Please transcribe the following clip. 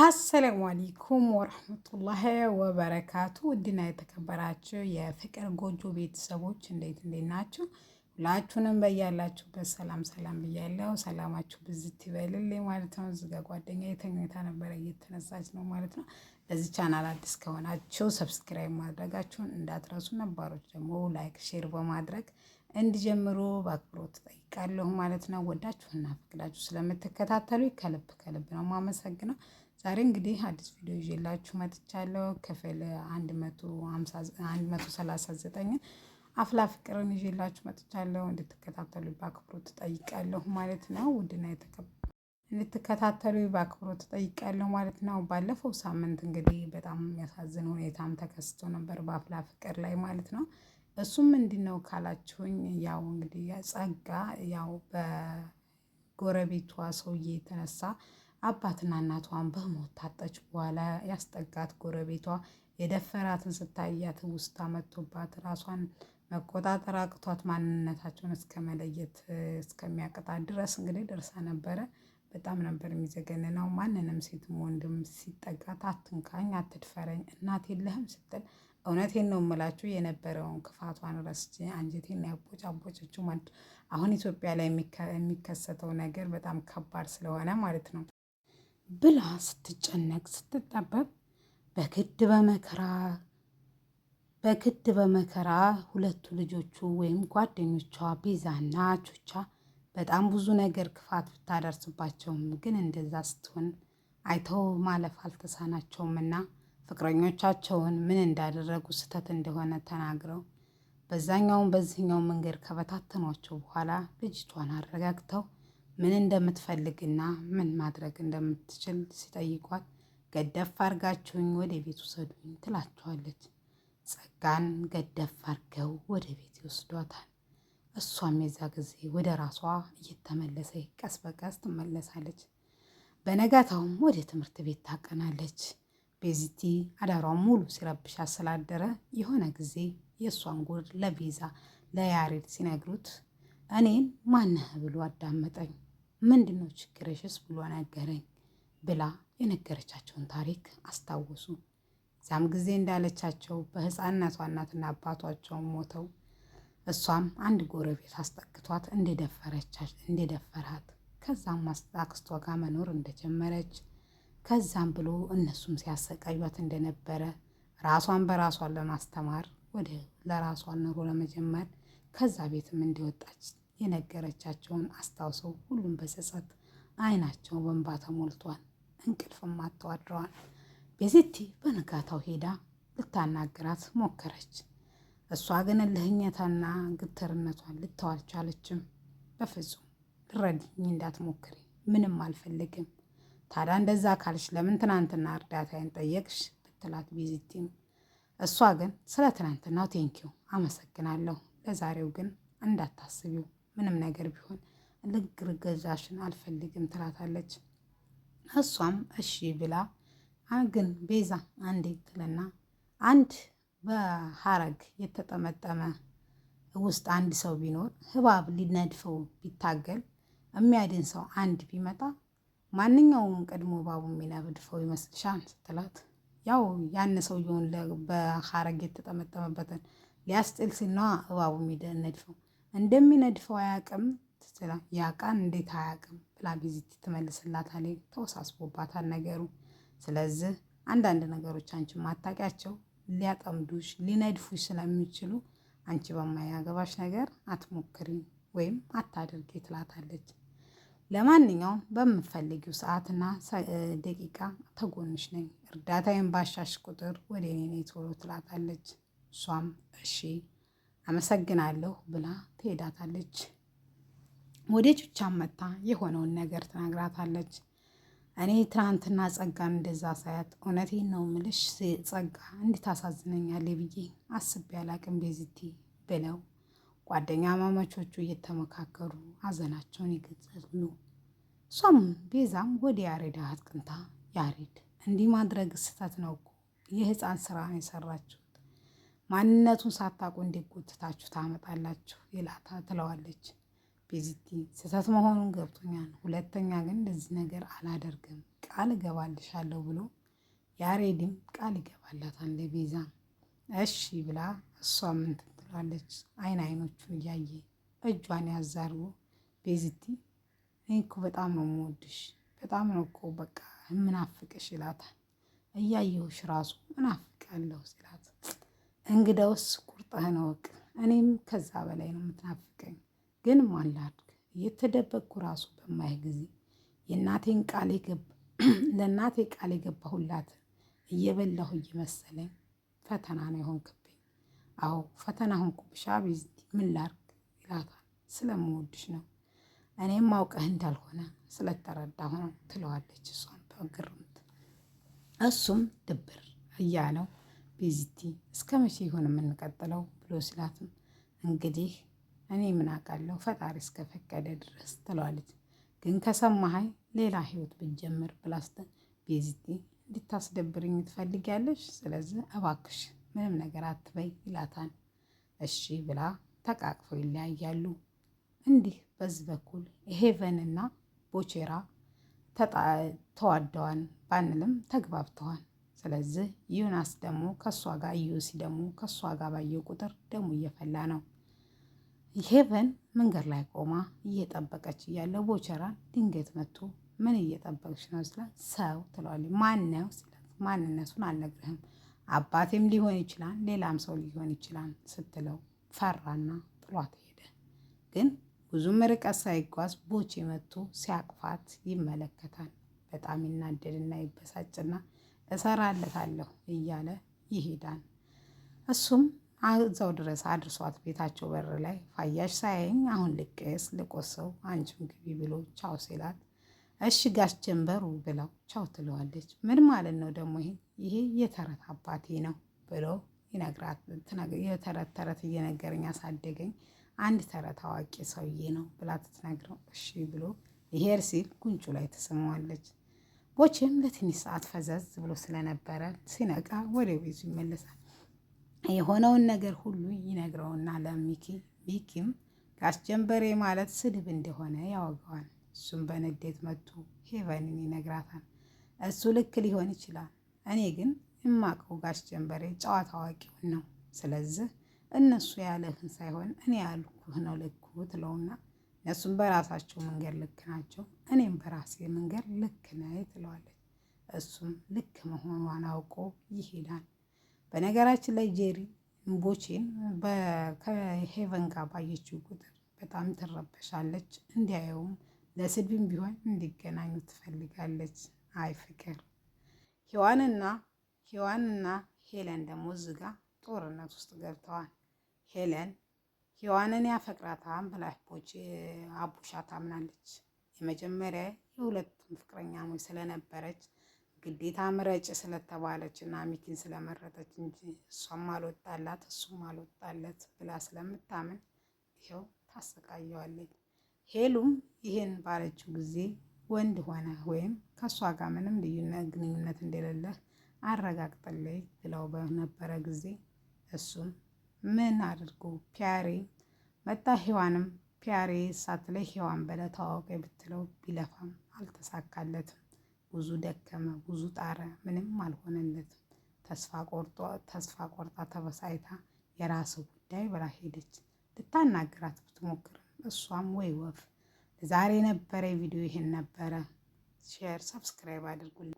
አሰላሙ አለይኩም ወረህመቱላሂ ወበረካቱ። ውድና የተከበራችሁ የፍቅር ጎጆ ቤተሰቦች እንዴት እንዴት ናችሁ? ሁላችሁንም በያላችሁበት ሰላም ሰላም ብያለሁ። ሰላማችሁ ብዝት ይበልልኝ ማለት ነው። እዚጋ ጓደኛ የተኝታ ነበረ እየተነሳች ነው ማለት ነው። ለዚህ ቻናል አዲስ ከሆናችሁ ሰብስክራይብ ማድረጋችሁን እንዳትረሱ፣ ነባሮች ደግሞ ላይክ፣ ሼር በማድረግ እንዲጀምሩ በአክብሮት ጠይቃለሁ ማለት ነው። ወዳችሁና ፍቅዳችሁ ስለምትከታተሉ ከልብ ከልብ ነው ማመሰግነው። ዛሬ እንግዲህ አዲስ ቪዲዮ ይዤላችሁ መጥቻለሁ። ክፍል 139 አፍላ ፍቅርን ይዤላችሁ መጥቻለሁ። እንድትከታተሉ በአክብሮት ጠይቃለሁ ማለት ነው። ውድና እንድትከታተሉ በአክብሮት ጠይቃለሁ ማለት ነው። ባለፈው ሳምንት እንግዲህ በጣም የሚያሳዝን ሁኔታም ተከስቶ ነበር በአፍላ ፍቅር ላይ ማለት ነው። እሱም ምንድን ነው ካላችሁኝ፣ ያው እንግዲህ ጸጋ ያው በጎረቤቷ ሰውዬ የተነሳ አባትና እናቷን በሞት በኋላ ያስጠጋት ጎረቤቷ የደፈራትን ስታያት ውስጥ መቶባት ራሷን መቆጣጠር አቅቷት ማንነታቸውን እስከ መለየት እስከሚያቅጣት ድረስ እንግዲህ ደርሳ ነበረ። በጣም ነበር የሚዘገንነው። ማንንም ሴትም ወንድም ሲጠጋት አትንካኝ፣ አትድፈረኝ፣ እናት የለህም ስትል እውነቴን ነው የምላችሁ የነበረውን ክፋቷን ረስቼ አንጀቴን ያቦጭ አቦጨችው። አሁን ኢትዮጵያ ላይ የሚከሰተው ነገር በጣም ከባድ ስለሆነ ማለት ነው። ብላ ስትጨነቅ ስትጠበብ በግድ በመከራ በግድ በመከራ ሁለቱ ልጆቹ ወይም ጓደኞቿ ቤዛና ቾቻ በጣም ብዙ ነገር ክፋት ብታደርስባቸውም ግን እንደዛ ስትሆን አይተው ማለፍ አልተሳናቸውም እና ፍቅረኞቻቸውን ምን እንዳደረጉ ስህተት እንደሆነ ተናግረው በዛኛውም በዚህኛው መንገድ ከበታተኗቸው በኋላ ልጅቷን አረጋግተው ምን እንደምትፈልግና ምን ማድረግ እንደምትችል ሲጠይቋት ገደፍ አርጋችሁኝ ወደ ቤት ውሰዱኝ ትላቸዋለች። ጸጋን ገደፍ አርገው ወደ ቤት ይወስዷታል። እሷም የዛ ጊዜ ወደ ራሷ እየተመለሰ ቀስ በቀስ ትመለሳለች። በነጋታውም ወደ ትምህርት ቤት ታቀናለች። ቤዚቲ አዳሯ ሙሉ ሲረብሻ ስላደረ የሆነ ጊዜ የእሷን ጉድ ለቤዛ ለያሬድ ሲነግሩት እኔን ማነህ ብሎ አዳመጠኝ። ምንድን ነው ችግርሽስ ብሎ ነገረኝ ብላ የነገረቻቸውን ታሪክ አስታወሱ። እዚያም ጊዜ እንዳለቻቸው በሕፃንነቷ እናትና አባቷቸው ሞተው እሷም አንድ ጎረቤት አስጠቅቷት እንደደፈራት ከዛም አክስቷ ጋር መኖር እንደጀመረች ከዛም ብሎ እነሱም ሲያሰቃዩት እንደነበረ ራሷን በራሷን ለማስተማር ወደ ለራሷን ኑሮ ለመጀመር ከዛ ቤትም እንዲወጣች የነገረቻቸውን አስታውሰው ሁሉም በጸጸት አይናቸው በእንባ ተሞልቷል። እንቅልፍም አጥተው አድረዋል። በንጋታው ሄዳ ልታናግራት ሞከረች። እሷ ግን ልህኘታና ግትርነቷን ልተው አልቻለችም። በፍጹም ልረድኝ እንዳትሞክሪ፣ ምንም አልፈልግም። ታዲያ እንደዛ ካልሽ ለምን ትናንትና እርዳታ ያንጠየቅሽ? ብትላት ቤዚቲም እሷ ግን ስለ ትናንትናው ቴንኪው አመሰግናለሁ፣ ለዛሬው ግን እንዳታስቢው ምንም ነገር ቢሆን ልግርገዛሽን አልፈልግም ትላታለች። እሷም እሺ ብላ ግን ቤዛ አንድ ትልና አንድ በሀረግ የተጠመጠመ ውስጥ አንድ ሰው ቢኖር ህባብ ሊነድፈው ቢታገል የሚያድን ሰው አንድ ቢመጣ ማንኛውም ቀድሞ እባቡ የሚነድፈው ይመስልሻል? ስትላት ያው ያን ሰውየውን በሀረግ የተጠመጠመበትን ሊያስጥል ሲል ነዋ እባቡ የሚነድፈው እንደሚነድፈው አያውቅም ትችላ ያቃን እንዴት አያውቅም ብላ ቪዚት ትመልስላታለች። ተወሳስቦባታል ነገሩ። ስለዚህ አንዳንድ ነገሮች አንቺ ማታውቂያቸው ሊያጠምዱሽ ሊነድፉሽ ስለሚችሉ አንቺ በማያገባሽ ነገር አትሞክሪ ወይም አታድርጊ ትላታለች። ለማንኛውም በምፈልጊው ሰዓትና ደቂቃ ተጎንሽ ነኝ፣ እርዳታዬን ባሻሽ ቁጥር ወደ እኔ ቶሎ ትላታለች። እሷም እሺ አመሰግናለሁ ብላ ትሄዳታለች። ወደ ቹቻም መታ የሆነውን ነገር ትነግራታለች። እኔ ትናንትና ጸጋን እንደዛ ሳያት እውነቴን ነው ምልሽ ጸጋ እንድታሳዝነኛል ብዬ አስቤ አላቅም ቤዝቲ ብለው ጓደኛ ማማቾቹ እየተመካከሩ ሀዘናቸውን ይገልጻሉ። እሷም ቤዛም ወደ ያሬድ አቅንታ ያሬድ እንዲህ ማድረግ ስህተት ነው እኮ የህፃን ስራ ነው የሰራችው ማንነቱን ሳታውቁ እንዴት ጎትታችሁ ታመጣላችሁ ይላታ ትለዋለች። ቤዚቲ ስህተት መሆኑን ገብቶኛል። ሁለተኛ ግን እንደዚህ ነገር አላደርግም ቃል እገባልሻለሁ ብሎ ያሬድም ቃል ይገባላታል ለቤዛ። እሺ ብላ እሷ ምን ትትላለች? አይን አይኖቹን እያየ እጇን ያዛርጎ ቤዚቲ እኔ እኮ በጣም ነው የምወድሽ፣ በጣም ነው እኮ በቃ የምናፍቅሽ ይላታል። እያየሁሽ ራሱ ምናፍቃለሁ ሲላ እንግዳውስ ቁርጥህን እወቅ። እኔም ከዛ በላይ ነው የምትናፍቀኝ። ግን ሟላድግ ላድርግ የተደበቅኩ ራሱ በማይ ጊዜ የእናቴን ቃል ለእናቴ ቃል የገባሁላት እየበላሁ እየመሰለኝ ፈተና ነው የሆንክብኝ። አዎ ፈተና ሆንኩብሽ አቤዝ፣ ምን ላድርግ ይላታል። ስለምወድሽ ነው እኔም ማውቀህ እንዳልሆነ ስለተረዳሁ ነው ትለዋለች እሷን በግርምት እሱም ድብር እያለው ቤዚቲ እስከ መቼ ይሆን የምንቀጥለው ብሎ ሲላትም እንግዲህ እኔ ምን አውቃለሁ ፈጣሪ እስከፈቀደ ድረስ ትለዋለች። ግን ከሰማሀይ ሌላ ህይወት ብንጀምር ብላስተን ቤዚቲ እንድታስደብርኝ ትፈልጊያለሽ? ስለዚህ እባክሽ ምንም ነገር አትበይ ይላታል። እሺ ብላ ተቃቅፈው ይለያያሉ። እንዲህ በዚህ በኩል ሄቨንና ቦቼራ ተዋደዋን ባንልም ተግባብተዋል። ስለዚህ ዮናስ ደግሞ ከእሷ ጋር ኢዮሲ ደግሞ ከእሷ ጋር ባየው ቁጥር ደግሞ እየፈላ ነው። ሄቨን መንገድ ላይ ቆማ እየጠበቀች እያለ ቦቸራ ድንገት መጥቶ ምን እየጠበቅሽ ነው ስላት ሰው ትለዋለች። ማነው ስላት ማንነቱን አልነግርህም አባቴም ሊሆን ይችላል ሌላም ሰው ሊሆን ይችላል ስትለው ፈራና ጥሏት ሄደ። ግን ብዙም ርቀት ሳይጓዝ ቦቼ መጥቶ ሲያቅፋት ይመለከታል። በጣም ይናደድና ይበሳጭና እሰራለታለሁ እያለ ይሄዳል። እሱም እዛው ድረስ አድርሷት ቤታቸው በር ላይ ፋያሽ ሳያይኝ አሁን ልቀስ ልቆሰው አንቺም ግቢ ብሎ ቻው ሲላት እሺ ጋሽ ጀንበሩ ብለው ቻው ትለዋለች። ምን ማለት ነው ደግሞ ይሄ ይሄ የተረት አባቴ ነው ብሎ ይነግራት የተረት ተረት እየነገረኝ አሳደገኝ አንድ ተረት አዋቂ ሰውዬ ነው ብላ ትትነግረው እሺ ብሎ ይሄር ሲል ጉንጩ ላይ ትስመዋለች። ቦቼም ለትንሽ ሰዓት ፈዘዝ ብሎ ስለነበረ ሲነቃ ወደ ቤቱ ይመለሳል። የሆነውን ነገር ሁሉ ይነግረውና ለሚኪ ሚኪም ጋሽ ማለት ስድብ እንደሆነ ያወገዋል። እሱም በንዴት መጥቶ ሄቨንን ይነግራታል። እሱ ልክ ሊሆን ይችላል። እኔ ግን የማውቀው ጋስጀንበሬ ጀንበሬ ጨዋታ አዋቂውን ነው። ስለዚህ እነሱ ያለህን ሳይሆን እኔ ያልኩህ ነው ልኩ ትለውና እነሱም በራሳቸው መንገድ ልክ ናቸው፣ እኔም በራሴ መንገድ ልክ ነኝ ትለዋለች። እሱም ልክ መሆኗን አውቆ ይሄዳል። በነገራችን ላይ ጄሪ እምቦቼን ከሄቨን ጋር ባየችው ቁጥር በጣም ትረበሻለች። እንዲያየውም ለስድብም ቢሆን እንዲገናኙ ትፈልጋለች። አይ ፍቅር ሔዋንና ሔዋንና ሄለን ደግሞ እዚህ ጦርነት ውስጥ ገብተዋል። ሄለን ሔዋንን ያፈቅራታም ብላች ቦቼ አቡሻ ታምናለች። የመጀመሪያ የሁለቱም ፍቅረኛሞች ስለነበረች ግዴታ ምረጭ ስለተባለች እና ሚኪን ስለመረጠች እንጂ እሷም አልወጣላት እሱም አልወጣለት ብላ ስለምታምን ይኸው ታሰቃየዋለች። ሄሉም ይህን ባለችው ጊዜ ወንድ ሆነ ወይም ከእሷ ጋር ምንም ልዩነት ግንኙነት እንደሌለ አረጋግጠለይ ብለው በነበረ ጊዜ እሱም ምን አድርጎ ፒያሬ መጣ ሔዋንም ፒያሬ ሳትለይ ሔዋን በለ ተዋወቀ ብትለው ቢለፋም አልተሳካለትም። ብዙ ደከመ፣ ብዙ ጣረ፣ ምንም አልሆነለትም። ተስፋ ቆርጣ ተበሳይታ የራስ ጉዳይ ብላ ሄደች። ልታናግራት ብትሞክርም እሷም ወይ ወፍ። ዛሬ የነበረ ቪዲዮ ይሄን ነበረ። ሼር፣ ሰብስክራይብ አድርጉልኝ።